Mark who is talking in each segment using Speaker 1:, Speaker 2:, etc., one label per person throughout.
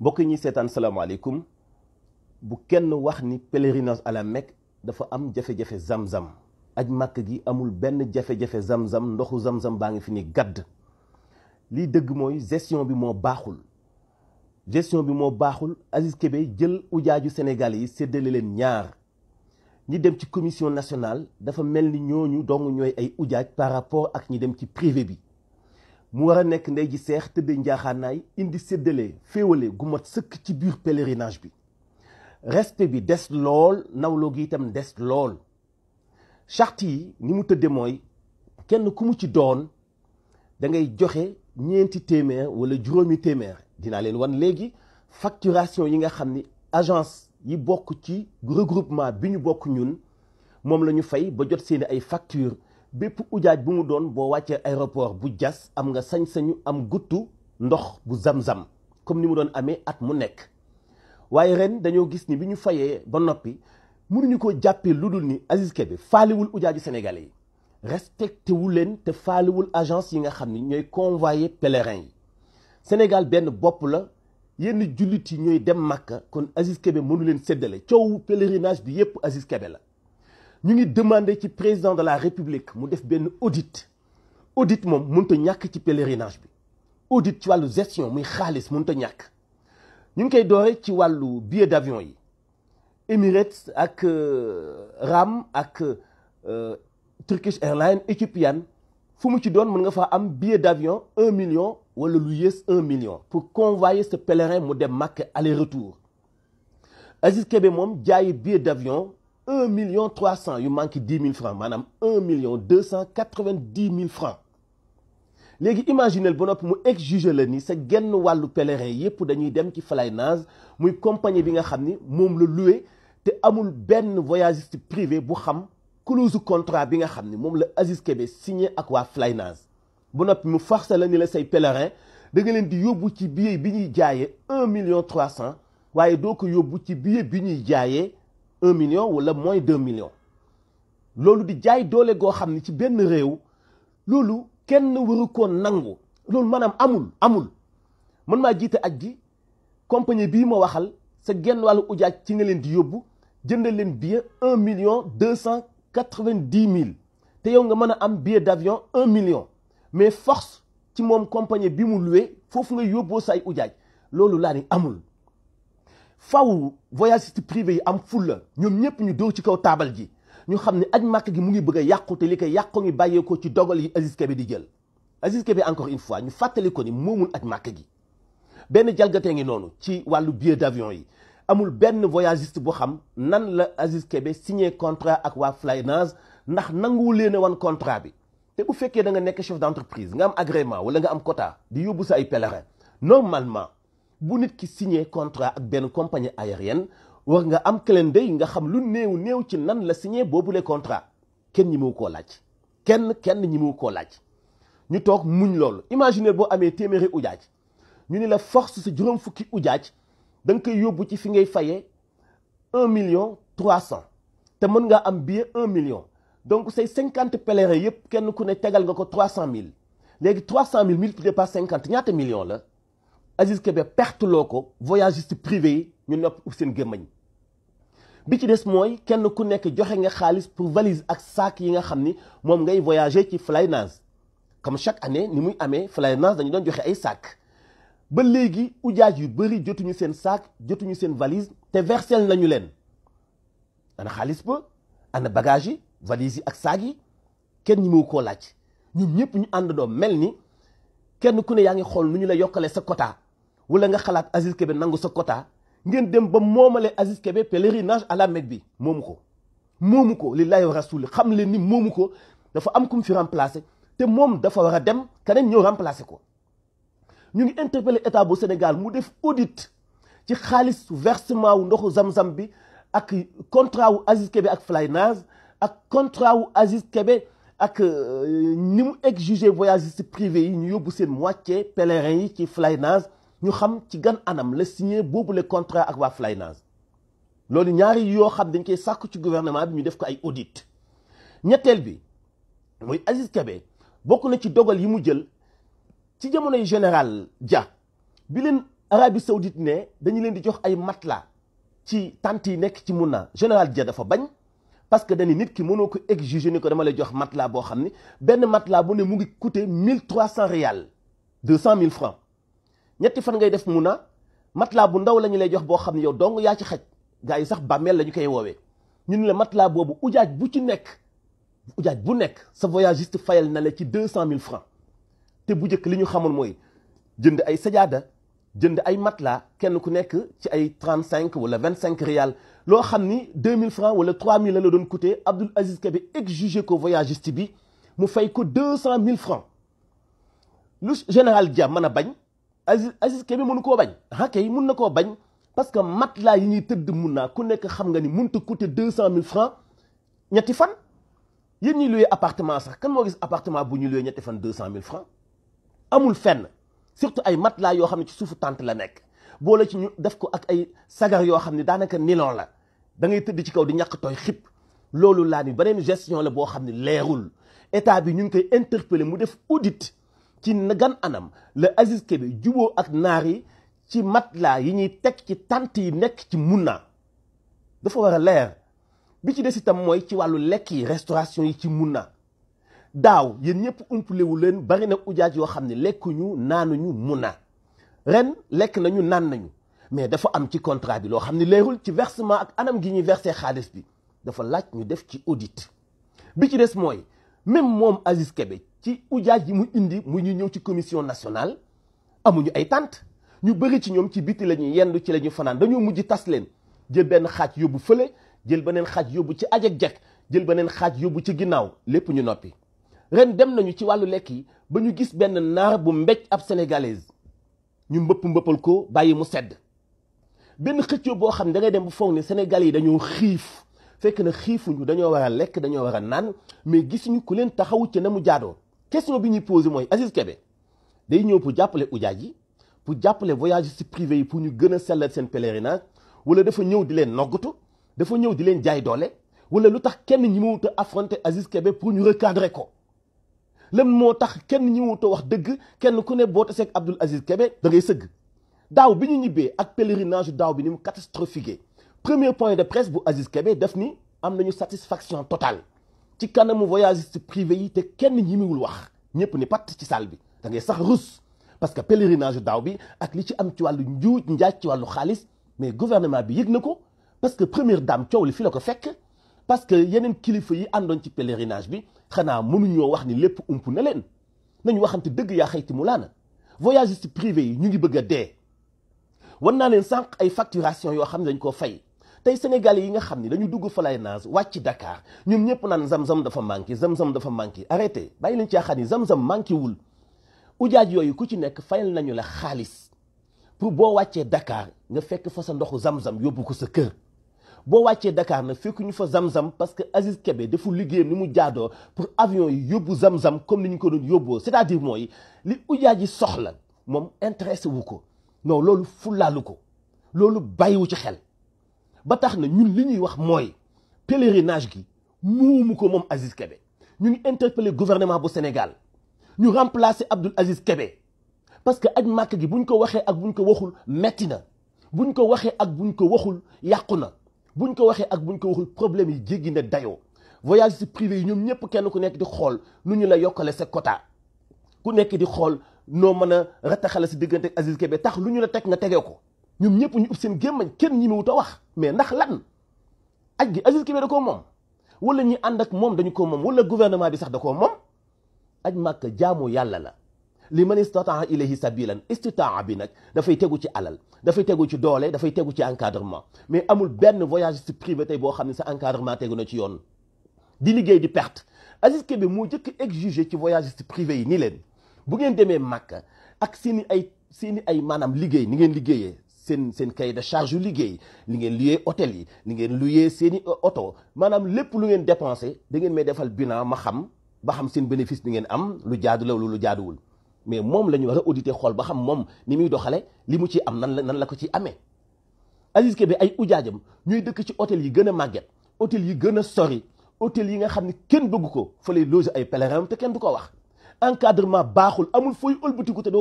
Speaker 1: mbokk ñi seetaan salaamaaleykum bu kenn wax ni pèlerinage à dafa am jafe-jafe zam-zam aj màkk gi amul benn jafe-jafe zam-zam ndoxu zam-zam baa ngi fi ni gàdd lii dëgg mooy gestion bi moo baaxul gestion bi moo baaxul Aziz Kébé jël ujaaju Sénégal yi séddale leen ñaar ñi dem ci commission nationale dafa mel ni ñooñu dong ñooy ay ujaaj par rapport ak ñi dem ci privé bi mu war a nekk ndey ji seex tëdde njaaxaanaay indi séddale féewale gu sëkk ci biir pèlerinage bi respect bi des lool nawloo gi itam des lool charte yi ni mu tëdde mooy kenn ku mu ci doon da ngay joxe ñeenti téeméer wala juróomi téeméer dinaa leen wan léegi facturation yi nga xam ni agence yi bokk ci regroupement bi ñu bokk ñun moom la ñu fay ba jot seeni ay facture bépp ujaaj bu mu doon boo wàccee aéroport bu jas am nga sañ-sañu am guttu ndox bu zam-zam comme ni mu doon amee at mu nekk waaye ren dañoo gis ni bi ñu fayee ba noppi mënuñu ko jàppee lu dul ni Aziz Kébé faaliwul ujaaju sénégalais yi respecté wu leen te faaliwul agence yi nga xam ni ñooy convoyer pèlerins yi Sénégal benn bopp la yenn jullit yi ñooy dem Makka kon Aziz Kébé mënu leen séddale coowu pèlerinage bi yépp Aziz Kébé la ñu ngi demandé ci président de la république mu def benn audit audit moom mënut a ñàkk ci pèlerinage bi audit ci wàllu gestion muy xaalis mënut a ñàkk ñu ngi koy doore ci wàllu billet d'avion yi Emirates ak euh, Ram ak euh, Turkish Airlines Ethiopian fu mu ci doon mën nga faa am billet d'avion un million wala lu yées un million pour convoyer sa pèlerin mu dem Makka aller retour Aziz Kébé moom jaayi billet d'avion un million trois cent yu manqué dix mille francs maanaam un million deux cent quatre-vingt-dix mille francs léegi imaginel ba noppi mu ex-juge la ni sa genn wàllu pèlerin yépp dañuy dem ci Flynas muy compagnie bi nga xam ni moom la loué te amul benn voyagiste privé bu xam clause contrat bi nga xam ni moom la Aziz Kébé signé ak waa Flynas ba noppi mu forcé la ni la say pèlerin da nga leen di yóbbu ci billet bi ñuy jaayee un million trois cent waaye doo yóbbu ci billet bi ñuy jaayee un million wala moins d'un million loolu di jaay doole goo xam ne ci benn réew loolu kenn waru ko nangu loolu maanaam amul amul mën maa jiite aj gi compagnie bii ma waxal sa genn wàllu ujaaj ci nga leen di yóbbu jëndal leen billet un million deux cent quatre-vingt-dix mille te yow nga mën a am billet d'avion un million mais force ci moom compagnie bi mu loué foofu ngay yóbboo say ujaaj loolu laa ni amul faw voyagiste privé yi am fulla ñoom ñëpp ñu dóor ci kaw taabal ji ñu xam ne aj màkk gi mu ngi bëgg a yàqu te li koy yàqu ngi bàyyeekoo ci dogal yi Aziz Kébé di jël Aziz Kébé encore une fois ñu fàttali ko ni moomul aj màkk gi benn jalgatee ngi noonu ci wàllu billet d'avion yi amul benn voyagiste boo xam nan la Aziz Kébé signé contrat ak waa Flynas ndax nanguwu leen a wan contrat bi te bu fekkee da nga nekk chef d'entreprise nga am agrément wala nga am quota di yóbbu sa ay pèlerin normalement bu nit ki signee contrat ak benn compagnie aérienne war nga am calendrier nga xam lu néew néew ci nan la boobu boobule contrat kenn ñi mu koo laaj kenn kenn ñi mu koo laaj ñu toog muñ loolu imaginer boo amee téeméeri ujaaj ñu ni la force sa juróom fukki ujaaj da nga koy yóbbu ci fi ngay fayee un million trois cent te mën nga am billet un million donc say cinquante pèlerins yëpp kenn ku ne tegal nga ko trois cent mille léegi trois cent mille multiplié par cinquante ñaata million la Aziz Kébé perte loo ko voyagiste privé yi ñu nopp ub seen gémmañ bi ci des mooy kenn ku nekk joxe nga xaalis pour valise ak saak yi nga xam ni moom ngay voyager ci Flynas comme chaque année ni muy amee Flynas dañu doon joxe ay sac ba léegi ujaaj yu bëri jotuñu seen saak jotuñu seen valise te versel nañu leen ana xaalis ba ana bagage yi valise yi ak saak yi kenn ñi mu ko laaj ñun ñëpp ñu àndandoo mel ni kenn ku ne yaa ngi xool nu ñu la yokkale sa quota wala nga xalaat Aziz Kébé nangu sa quota ngeen dem ba moomale Aziz Kébé pèlerinage à la Mecque bi moomu ko moomu ko war wa rasuli xam leen ni moomu ko dafa am kum fi remplacer te moom dafa war a dem keneen ñëw remplacer ko ñu ngi interpellé état bu Sénégal mu def audit ci xaalis versement wu ndoxu zam-zam bi ak contrat wu Aziz Kébé ak Flynas ak contrat wu Aziz kebe ak euh, ni mu exigé voyagiste privé yi ñu yóbbu seen moitié pèlerin yi ci Flynas ñu xam ci gan anam la boobu le contrat ak waa Flynas loolu ñaari yoo xam dañ koy sàkku ci gouvernement bi ñu def ko ay audit ñetteel bi mooy Aziz Kébé bokk na ci dogal yi mu jël ci jamonoy général Dia bi leen Arabie Saoudite ne dañu leen di jox ay matelas ci tente yi nekk ci mun Muna général Dia dafa bañ parce que dañu nit ki mënoo ko exiger ni ko dama lay jox matelas boo xam ni benn matelas bu ne mu ngi coûter mille trois cent réal deux cent mille francs ñetti fan ngay def mun a matelas bu ndaw la ñu lay jox boo xam ne yow dong yaa ci xaj gars yi sax bàmmeel la ñu koy woowee ñun la matelas boobu ujaaj bu ci nekk ujaaj bu nekk sa voyagiste fayal na la ci deux cent mille francs te bu njëkk li ñu xamoon mooy jënd ay sajaada jënd ay matelas kenn ku nekk ci ay trente cinq wala vingt cinq rial loo xam ni deux mille francs wala trois mille la la doon coûté Abdoul Aziz Kébé exjugé ko voyagiste bi mu fay ko deux cent mille francs lu général Dia a bañ Aziz Aziz Kébé mënu koo bañ ah kay mun na koo bañ parce que matelas yi ñuy tëdd mun naa ku nekk xam nga ni mënut a coûter deux cent mille francs ñetti fan yéen ñuy loué appartement sax kan moo gis appartement bu ñu loué ñetti fan deux cent mille francs amul fenn surtout ay matelas yoo xam ne ci suufu tànt la nekk boole ci ñu def ko ak ay sagar yoo xam ne daanaka nilon la da ngay tëdd ci kaw di ñàkk tooy xib loolu laa ni beneen gestion la boo xam ne leerul état bi ñu ngi koy interpellé mu def audit. ci gan anam la Aziz Kébé juboo ak naar yi ci matelas yi ñuy teg ci tant yi nekk ci Munna dafa war a leer bi ci des itam mooy ci wàllu lekk yi restauration yi ci mun Munna daaw yéen ñëpp umpalewu leen bari na ujaaj yoo xam ne lekkuñu naanuñu Munna ren lekk nañu naan nañu mais dafa am ci contrat bi loo xam ne leerul ci versement ak anam gi ñuy versé xaalis bi dafa laaj ñu def ci audit bi ci des mooy même moom Aziz Kébé ci ujaaj yi mu indi mu ñu ñëw ci commission nationale amuñu ay tànt ñu bëri ci ñoom ci biti la yendu ci lañuy fanaan dañoo mujj tas leen jël benn xaaj yóbbu fële jël beneen xaaj yóbbu ci aj ak jekk jël beneen xaaj yóbbu ci ginnaaw lépp ñu noppi ren dem nañu ci wàllu lekk yi ba ñu gis benn naar bu mbéj ab sénégalaise ñu mbëpp mbëppal ko bàyyi mu sedd benn xëccoo boo xam ne da dem bu foog ne Sénégal yi dañoo xiif fekk na xiifuñu dañoo war a lekk dañoo war a naan mais gisuñu ku leen taxawu ci na mu jaadoo question bi ñuy posé mooy Aziz Kébé day ñëw pour jàppale ujaaj yi pour jàppale si privés yi pour ñu gën a sellal seen pèlerinage wala dafa ñëw di leen noggatu dafa ñëw di leen jaay doole wala lu tax kenn ñi mënut a affronter Aziz Kébé pour ñu recadrer ko lan moo tax kenn ñi mënut a wax dëgg kenn ku ne boo taseeg Abdoul Aziz Kébé da ngay sëgg daaw bi ñu ñibbee ak pèlerinage daaw bi ni mu catastrophique premier point de presse bu Aziz Kébé def ni am nañu satisfaction totale ci kanamu voyage voyagiste privé yi te kenn ñimiwul wax ñëpp ni patt ci salle bi da ngay sax rus parce que pèlerinage daaw bi ak li ci am ci wàllu njuuj njaaj ci wàllu xaalis mais gouvernement bi yëg na ko parce que première dame coow li fi la ko fekk parce que yeneen kilifa yi àndoon ci pélérinage bi xanaa ñoo wax ni lépp ump na leen nañu te dëgg yaa xayti mu voyage voyagiste privé yi ñu ngi bëgg a dee wan naa leen sànq ay facturation yoo xam ne dañ koo fay tey sénégal yi nga xam ni dañu dugg Falaynaaz wàcc dakaar ñoom ñëpp naan zam-zam dafa manqué zam-zam dafa manqué arrêté bàyyi leen caaxaan yi zam-zam manqué wul ujaaj yooyu ku ci nekk fayal nañu la xaalis pour boo wàccee dakaar nga fekk fa sa ndoxu zam-zam yóbbu ko sa kër boo wàccee dakaar na fekk ñu fa zam-zam parce que Aziz kebe deful liggéeyam ni mu jaadoo pour avion yi yóbbu zam-zam comme ni ñu ko doon yóbboo c'est-à-dire mooy li ujaaj yi soxla moom intéressé wu ko non loolu fulaalu ko loolu bàyyiwu ci xel ba tax na ñun li ñuy wax mooy pèlerinage gi moomu ko moom Aziz kebe ñu ngi interpellé gouvernement bu Sénégal ñu remplacé Abdoul Aziz kebe parce que aj màkk gi buñ ko waxee ak buñ ko waxul metti na buñ ko waxee ak buñ ko waxul yàqu na buñ ko waxee ak buñ ko waxul problème yi jéggi na dayoo voyage si privé yi ñoom ñëpp kenn ku nekk di xool nu ñu la yokkale sa quota ku nekk di xool noo mën a rataxale si diggante ak Aziz tax lu ñu la teg nga tegee ko ñoom ñëpp ñu ub seen gémmañ kenn ñi mewut a wax mais ndax lan aj gi Aziz Kébé da koo moom wala ñi ànd ak moom dañu ko moom wala gouvernement bi sax da koo moom aj màkk jaamoo yàlla la li man istataa ilayhi sabilan istitaa bi nag dafay tegu ci alal dafay tegu ci doole dafay tegu ci encadrement mais amul benn voyage si privé tey boo xam ne sa encadrement tegu na ci yoon di liggéey di perte Aziz Kébé moo jëkk exigé ci voyage si privé yi ni leen bu ngeen demee màkk ak seen i ay seen ay maanaam liggéey ni ngeen liggéeyee seen seen cahier de charge yu liggéey li ngeen luyee hôtel yi li ngeen luyee seen i oto euh, maanaam lépp lu ngeen dépensé da ngeen may defal bilan ma xam ba xam seen bénéfice bi ngeen am lu jaadu la lu jaaduwul mais moom la ñu war a audité xool ba xam moom ni muy doxale li mu ci am nan la nan la ko ci amee Aziz bi ay ujaajam ñuy dëkk ci hôtel yi gën a màgget hôtel yi gën a sori hôtel yi nga xam ne kenn bëgg ko fa lay loger ay pèlerin te kenn du ko wax encadrement baaxul amul fooy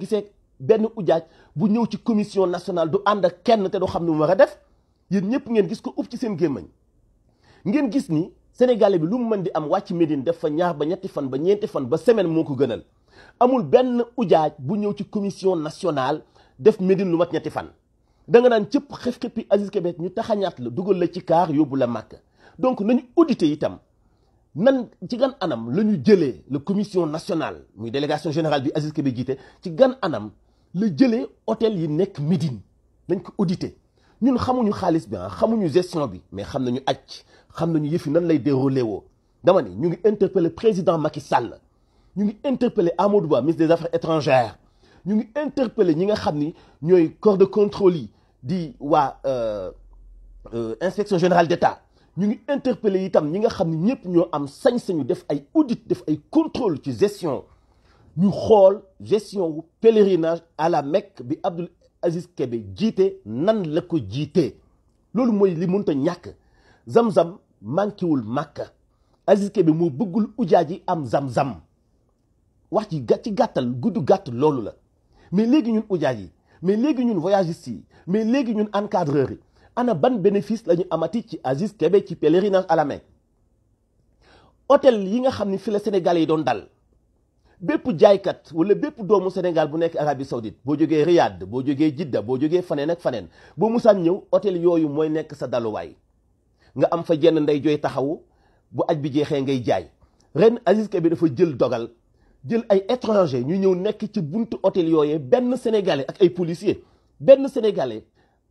Speaker 1: gisee benn ujaaj bu ñëw ci commission nationale du ànd ak kenn te du xam ne mu ma a def yéen ñëpp ngeen gis ko ub ci seen gémmañ ngeen gis ni sénégalais bi lu mu mën di am wàcc Médine def fa ñaar ba ñetti fan ba ñeenti fan ba semaine moo ko gënal amul benn ujaaj bu ñëw ci commission nationale def Médine lu ma ñetti fan da nga naan cëpp xef xëppi Aziz Kébet ñu taxañaat la dugal la ci kaar yóbbu la màkk donc nañu audité itam nan ci gan anam la ñu jëlee la commission nationale muy délégation générale bi Aziz jiite ci gan anam la jëlee hôtel yi nekk Médine dañ ko audité ñun xamuñu xaalis bi ah xamuñu gestion bi mais xam nañu acc xam nañu yëfi nan lay déroulé woo dama ne ñu ngi interpellé président Macky Sall ñu ngi interpellé Amadou Ba ministre des affaires étrangères ñu ngi interpellé ñi nga xam ni ñooy corps de contrôle yi di waa euh, euh, inspection générale d'État ñu ngi interpellé itam ñi nga xam ni ñëpp ñoo am sañ-sañu def ay audit def ay contrôle ci gestion ñu xool gestion wu pèlerinage à la Mecque bi Abdoul Aziz Kébé jiite nan la ko jiitee loolu mooy li mënta ñàkk zam-zam manquéwul màkka Aziz Kébé moo bëggul ujaaj yi am zam-zam wax ci gàtt ci gàttal gudd gàtt loolu la mais léegi ñun ujaaj yi mais léegi ñun voyagistes yi mais léegi ñun encadreurs yi ana ban bénéfice la ñu amati ci Aziz Kébé ci pèlerinage à la Mecque hôtel yi nga xam ni fi la sénégal yi doon dal bépp jaaykat wala bépp doomu Sénégal bu nekk Arabie Saoudite boo jógee Riyad boo jógee Jidda boo jógee faneen ak faneen boo musaan ñëw hôtel yooyu mooy nekk sa daluwaay nga am fa jenn ndey jooy taxawu bu aj bi jeexee ngay jaay ren Aziz bi dafa jël dogal jël ay étranger ñu ñëw nekk ci buntu hôtel yooyee benn sénégalais ak ay policier benn sénégalais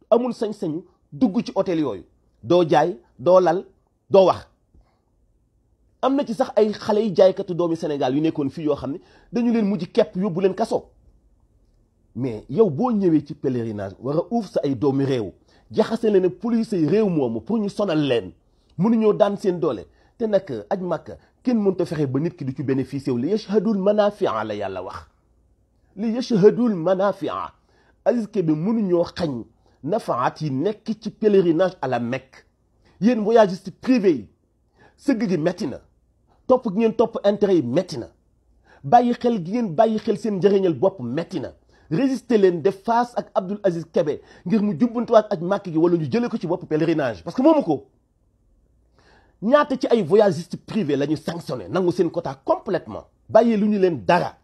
Speaker 1: amul sañ-sañu dugg ci hôtel yooyu doo jaay doo lal doo wax am na ci sax ay xale yi jaaykatu doomi Sénégal yu nekkoon fii yoo xam ne dañu leen mujj kepp yóbbu leen kaso mais yow boo ñëwee ci pèlerinage war a uuf sa ay doomi réew jaxase leen ne police yi réew moomu pour ñu sonal leen mënuñoo daan seen doole te nag ak màkka kenn mënut a fexe ba nit ki du ci bénéficié wu li yashhadul manafia la yàlla wax li yashhadul manafia aziske bi mënuñoo xañ nafaat yi nekk ci pèlerinage à la Mecque yéen voyagiste privé yi sëgg gi metti na topp gi ngeen topp intérêt yi métti na bàyyi xel gi ngeen bàyyi xel seen njëriñal bopp métti na résister leen def face ak Abdoul Aziz kebe ngir mu jubbantuwaat ak màkk gi wala ñu jëlee ko ci bopp pèlerinage parce que moomu ko ñaata ci ay voyagiste privé la ñu sanctionné nangu seen quota completement bàyyi lu ñu leen dara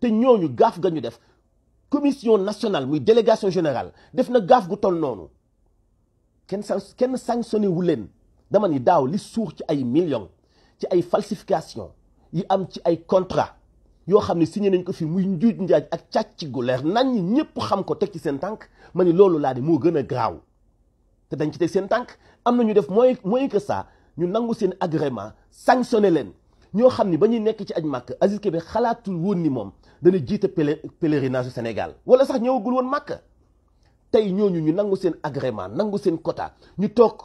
Speaker 1: te ñooñu gaaf ga ñu def commission nationale muy délégation général def na gaaf gu toll noonu kenn kenn sanctionné wu leen dama ni daaw li suur ci ay millions ci ay falsification yi am ci ay contrat yoo xam ne signé nañ ko fi muy njuuj njaaj ak càcc ci leer nañ ñëpp xam ko teg ci seen tànk ma ni loolu laa di moo gën a graaw te dañ ci teg seen tànk am na ñu def mooy mooy que saa ñu nangu seen agrément sanctionné leen ñoo xam ni ba ñuy nekk ci aj màkk Aziz Kébé xalaatul woon ni moom dana jiite pèlerinage Sénégal wala sax ñëwagul woon màkk tey ñooñu ñu nangu seen agrément nangu seen quota ñu toog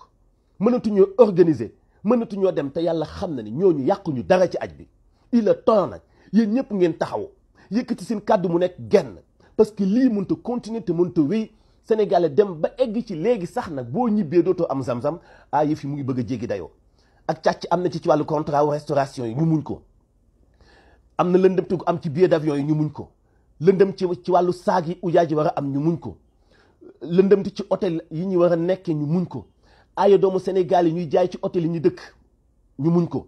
Speaker 1: mënatuñoo organiser mënatuñoo dem te yàlla xam na ni ñooñu yàquñu dara ci aj bi il est nag yéen ñëpp ngeen taxaw yëkkati seen kàddu mu nekk genn parce que lii mënut a continuer te mënut a wéy Sénégalais dem ba egg ci léegi sax nag boo ñibbee dootoo am zam-zam ah yëf mu ngi bëgg a jéggi dayoo ak càcc am na ci ci wàllu contrat restauration yi ñu muñ ko. am na lëndëm te am ci billet d'avion yi ñu muñ ko lëndëm ci ci wàllu saag yi ujaaj yi war a am ñu muñ ko lëndëm te ci hôtel yi ñu war a nekkee ñu muñ ko. aaya doomu Sénégal yi ñuy jaay ci hôtel yi ñu dëkk ñu muñ ko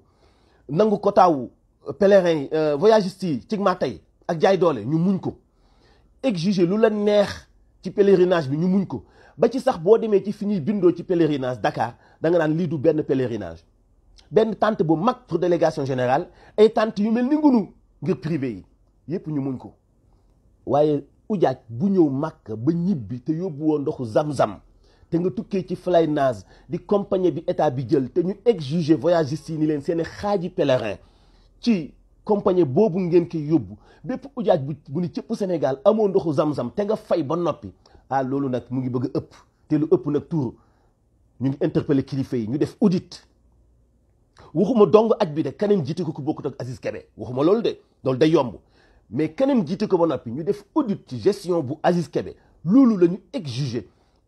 Speaker 1: nangu kotaawu euh, pèlerin yi euh, voyagiste yi ci ma tey ak jaay doole ñu muñ ko exiger lu la neex ci pèlerinage bi ñu muñ ko ba ci sax boo demee ci fi ñuy bindoo ci pèlerinage dakaar danga nga lii du benn pèlerinage benn tante bu mag pour délégation général ay tante yu mel ni ngunu ngir privé yi yépp ñu muñ ko waaye ujaaj bu ñëw màkk ba ñibbi te yóbbu woon ndoxu zam-zam te nga tukkee ci Flynas di compagnie bi état bi jël te ñu exiger voyagistes yi ni leen seeni xaaji pèlerin ci compagnie boobu ngeen koy yóbbu bépp ujaaj bu bu ni cëpp Sénégal amoo ndoxu zam-zam te nga fay ba noppi ah loolu nag mu ngi bëgg a ëpp te lu ëpp nag tuuru ñu ngi interpellé kilifa yi ñu def audit waxuma dong aj bi de keneen jiite ko ko bokkut ak Aziz Kébé waxuma loolu de loolu day yomb mais keneen jiite ko ba noppi ñu def audit ci gestion bu Aziz loolu la ñu exigé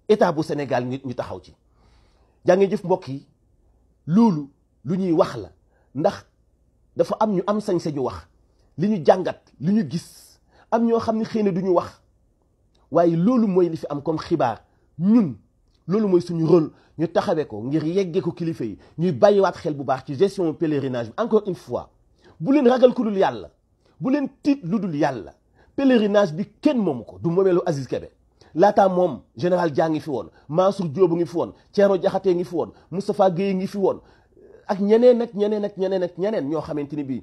Speaker 1: état bu Sénégal ñu taxaw ci jaa ngi jëf mbokk yi loolu lu ñuy wax la ndax dafa am ñu am sañ-sañu wax li ñu jàngat li ñu gis am ñoo xam ne xëy na du ñu wax waaye loolu mooy li fi am comme xibaar ñun loolu mooy suñu rôle ñu taxawee ko ngir yeggee ko kilifa yi ñuy bàyyiwaat xel bu baax ci gestion pèlerinage bi encore une fois bu leen ragal ku dul yàlla bu leen tiit lu dul yàlla pèlerinage bi kenn moomu ko du moomeelu Aziz Kébé laataa moom général jaa ngi fi woon maa Mansour Diop ngi fi woon Thierno Diakhaté ngi fi woon Moustapha Guèye ngi fi woon ak ñeneen ak ñeneen ak ñeneen ak ñeneen ñoo xamante ni bii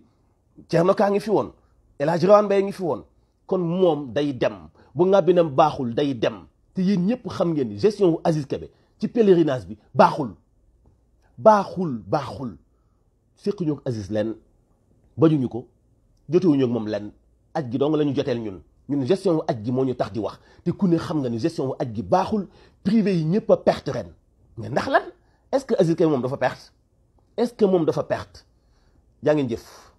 Speaker 1: Thierno kaa ngi fi woon El Hadj Rawane ngi fi woon kon moom day dem bu ngàbbinam baaxul day dem te yéen ñëpp xam ngeen ni gestion wu Aziz Kébé ci pèlerinage bi baaxul baaxul baaxul séqu ñoo Aziz lenn bañuñu ko jotewuñu ak moom lenn aj gi dong la ñu joteel ñun ñun gestion wu aj moo ñu tax di wax te ku ne xam nga ni gestion wu aj gi baaxul privé yi ñëpp a perte ren mais ndax lan est-ce que Aziz Kaye moom dafa perte est-ce que moom dafa perte jaa ngeen jëf